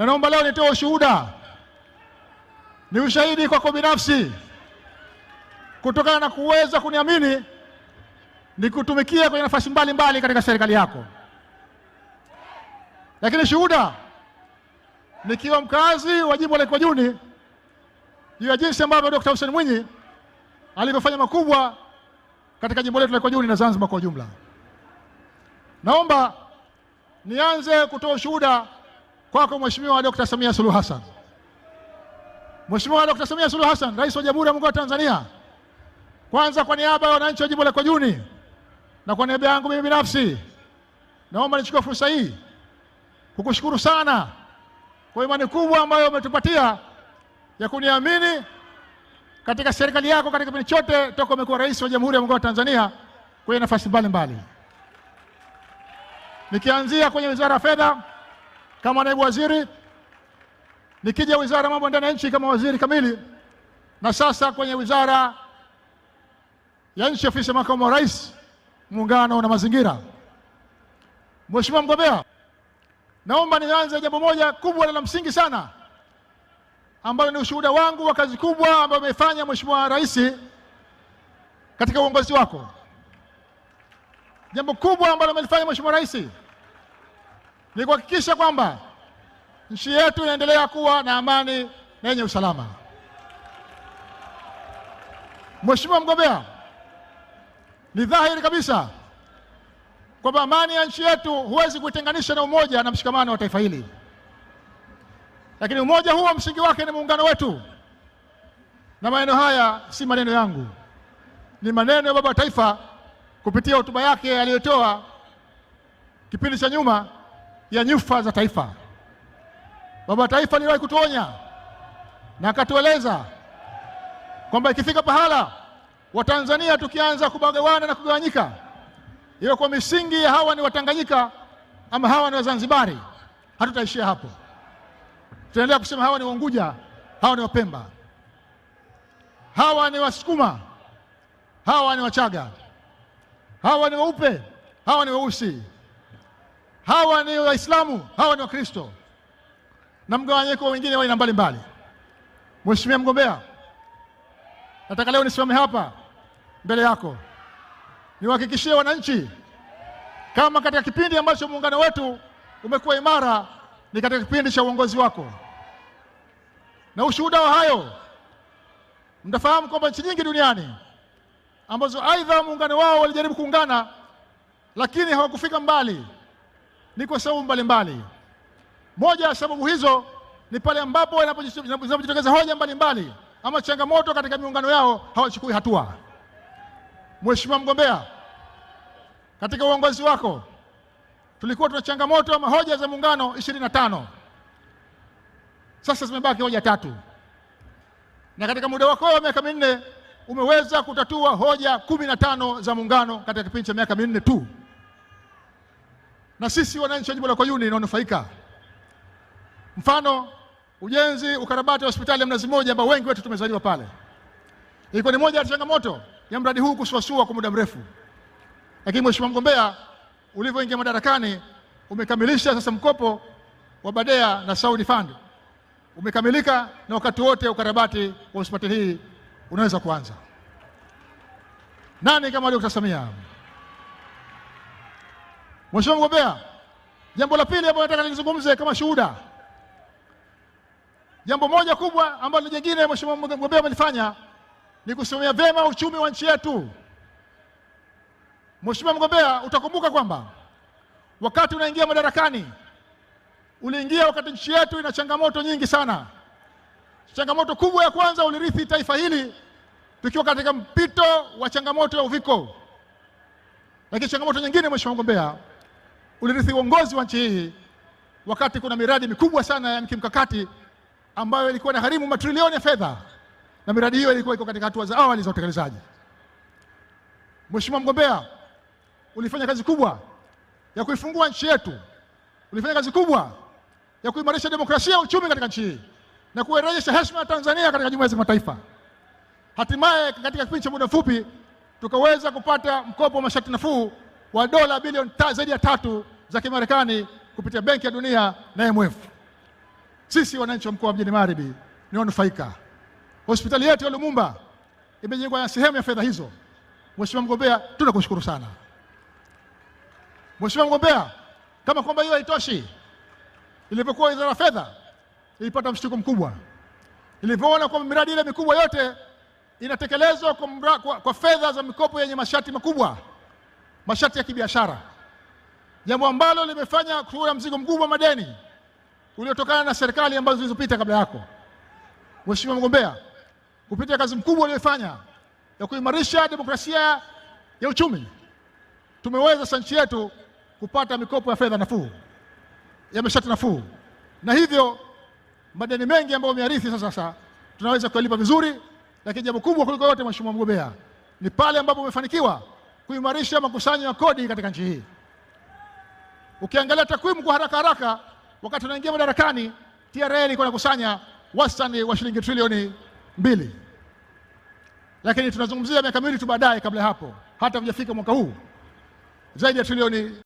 na naomba leo nitoe ushuhuda, ni ushahidi kwako binafsi, kutokana na kuweza kuniamini nikutumikia kwenye nafasi mbalimbali katika serikali yako. Lakini shuhuda nikiwa mkazi wa jimbo la Kikwajuni juu ya jinsi ambavyo Dkt. Hussein Mwinyi alivyofanya makubwa katika jimbo letu la ikwajuni na Zanzibar kwa ujumla. Naomba nianze kutoa ushuhuda kwako Mheshimiwa Dr. Samia Suluhu Hassan. Mheshimiwa Dr. Samia Suluhu Hassan, Rais wa Jamhuri ya Muungano wa Tanzania, kwanza kwa niaba ya wananchi wa jimbo la Kwajuni na kwa niaba yangu mimi binafsi, naomba nichukue fursa hii kukushukuru sana kwa imani kubwa ambayo umetupatia ya kuniamini katika serikali yako katika kipindi chote toka umekuwa rais wa Jamhuri ya Muungano wa Tanzania kwenye nafasi mbalimbali, nikianzia kwenye Wizara ya Fedha kama naibu waziri, nikija wizara mambo ya ndani ya nchi kama waziri kamili, na sasa kwenye wizara ya nchi ofisi ya makamu wa rais, muungano na mazingira. Mheshimiwa mgombea, naomba nianze jambo moja kubwa na la msingi sana ambalo ni ushuhuda wangu wa kazi kubwa ambayo umeifanya Mheshimiwa Rais katika uongozi wako. Jambo kubwa ambalo umelifanya Mheshimiwa Rais ni kuhakikisha kwamba nchi yetu inaendelea kuwa na amani na yenye usalama. Mheshimiwa mgombea, ni dhahiri kabisa kwamba amani ya nchi yetu huwezi kuitenganisha na umoja na mshikamano wa taifa hili, lakini umoja huo msingi wake ni muungano wetu, na maneno haya si maneno yangu, ni maneno ya baba wa taifa kupitia hotuba yake aliyotoa kipindi cha nyuma ya nyufa za taifa. Baba taifa niliwahi kutuonya na akatueleza kwamba ikifika pahala Watanzania tukianza kubagawana na kugawanyika, iwe kwa misingi ya hawa ni Watanganyika ama hawa ni Wazanzibari, hatutaishia hapo. Tutaendelea kusema hawa ni Waunguja, hawa ni Wapemba, hawa ni Wasukuma, hawa ni Wachaga, hawa ni weupe, hawa ni weusi hawa ni Waislamu, hawa ni Wakristo na mgawanyiko wengine wa aina mbalimbali. Mheshimiwa mgombea, nataka leo nisimame hapa mbele yako niwahakikishie wananchi kama katika kipindi ambacho muungano wetu umekuwa imara ni katika kipindi cha uongozi wako, na ushuhuda wa hayo mtafahamu kwamba nchi nyingi duniani ambazo aidha muungano wao walijaribu kuungana lakini hawakufika mbali ni kwa sababu mbalimbali. Moja ya sababu hizo ni pale ambapo inapojitokeza hoja mbalimbali ama changamoto katika miungano yao hawachukui hatua. Mheshimiwa mgombea, katika uongozi wako tulikuwa tuna changamoto ama hoja za muungano ishirini na tano. Sasa zimebaki hoja tatu, na katika muda wako wa miaka minne umeweza kutatua hoja kumi na tano za muungano katika kipindi cha miaka minne tu na sisi wananchi wa jimbo la Kwajuni inaonufaika. Mfano, ujenzi ukarabati wa hospitali ya Mnazi Mmoja ambao wengi wetu tumezaliwa pale, ilikuwa ni moja ya changamoto ya mradi huu kusuasua kwa muda mrefu, lakini mheshimiwa mgombea, ulivyoingia madarakani umekamilisha sasa. Mkopo wa Badea na Saudi Fund umekamilika na wakati wote ukarabati wa hospitali hii unaweza kuanza. Nani kama Dkt. Samia? Mheshimiwa mgombea, jambo la pili ambalo nataka nizungumze kama shuhuda, jambo moja kubwa ambalo jingine Mheshimiwa mgombea amelifanya ni kusimamia vyema uchumi wa nchi yetu. Mheshimiwa mgombea, utakumbuka kwamba wakati unaingia madarakani uliingia wakati nchi yetu ina changamoto nyingi sana. Changamoto kubwa ya kwanza, ulirithi taifa hili tukiwa katika mpito wa changamoto ya uviko, lakini changamoto nyingine, Mheshimiwa mgombea ulirithi uongozi wa nchi hii wakati kuna miradi mikubwa sana ya kimkakati ambayo ilikuwa na gharimu matrilioni ya fedha, na miradi hiyo ilikuwa iko katika hatua za awali za utekelezaji. Mheshimiwa mgombea, ulifanya kazi kubwa ya kuifungua nchi yetu, ulifanya kazi kubwa ya kuimarisha demokrasia ya uchumi katika nchi hii na kuerejesha heshima ya Tanzania katika jumuiya za kimataifa. Hatimaye katika kipindi cha muda mfupi tukaweza kupata mkopo wa masharti nafuu wa dola bilioni zaidi ya tatu za Kimarekani kupitia Benki ya Dunia na IMF. Sisi wananchi wa mkoa wa Mjini Magharibi ni wanufaika. Hospitali yetu ya Lumumba imejengwa na sehemu ya fedha hizo. Mheshimiwa mgombea, tunakushukuru sana. Mheshimiwa mgombea, kama kwamba hiyo haitoshi, ilipokuwa wizara ya fedha ilipata mshtuko mkubwa ilivyoona kwamba miradi ile mikubwa yote inatekelezwa kwa, kwa, kwa fedha za mikopo yenye masharti makubwa masharti ya kibiashara, jambo ambalo limefanya kuwa mzigo mkubwa madeni uliotokana na serikali ambazo zilizopita kabla yako. Mheshimiwa mgombea, kupitia kazi mkubwa uliyofanya ya kuimarisha demokrasia ya uchumi, tumeweza sasa nchi yetu kupata mikopo ya fedha nafuu ya masharti nafuu, na hivyo madeni mengi ambayo umearithi sasa sasa tunaweza kuyalipa vizuri, lakini jambo kubwa kuliko yote Mheshimiwa mgombea ni pale ambapo umefanikiwa kuimarisha makusanyo ya kodi katika nchi hii. Ukiangalia takwimu kwa haraka haraka, wakati unaingia madarakani TRA ilikuwa inakusanya wastani wa shilingi trilioni mbili, lakini tunazungumzia miaka miwili tu baadaye, kabla ya hapo hata hujafika mwaka huu, zaidi ya trilioni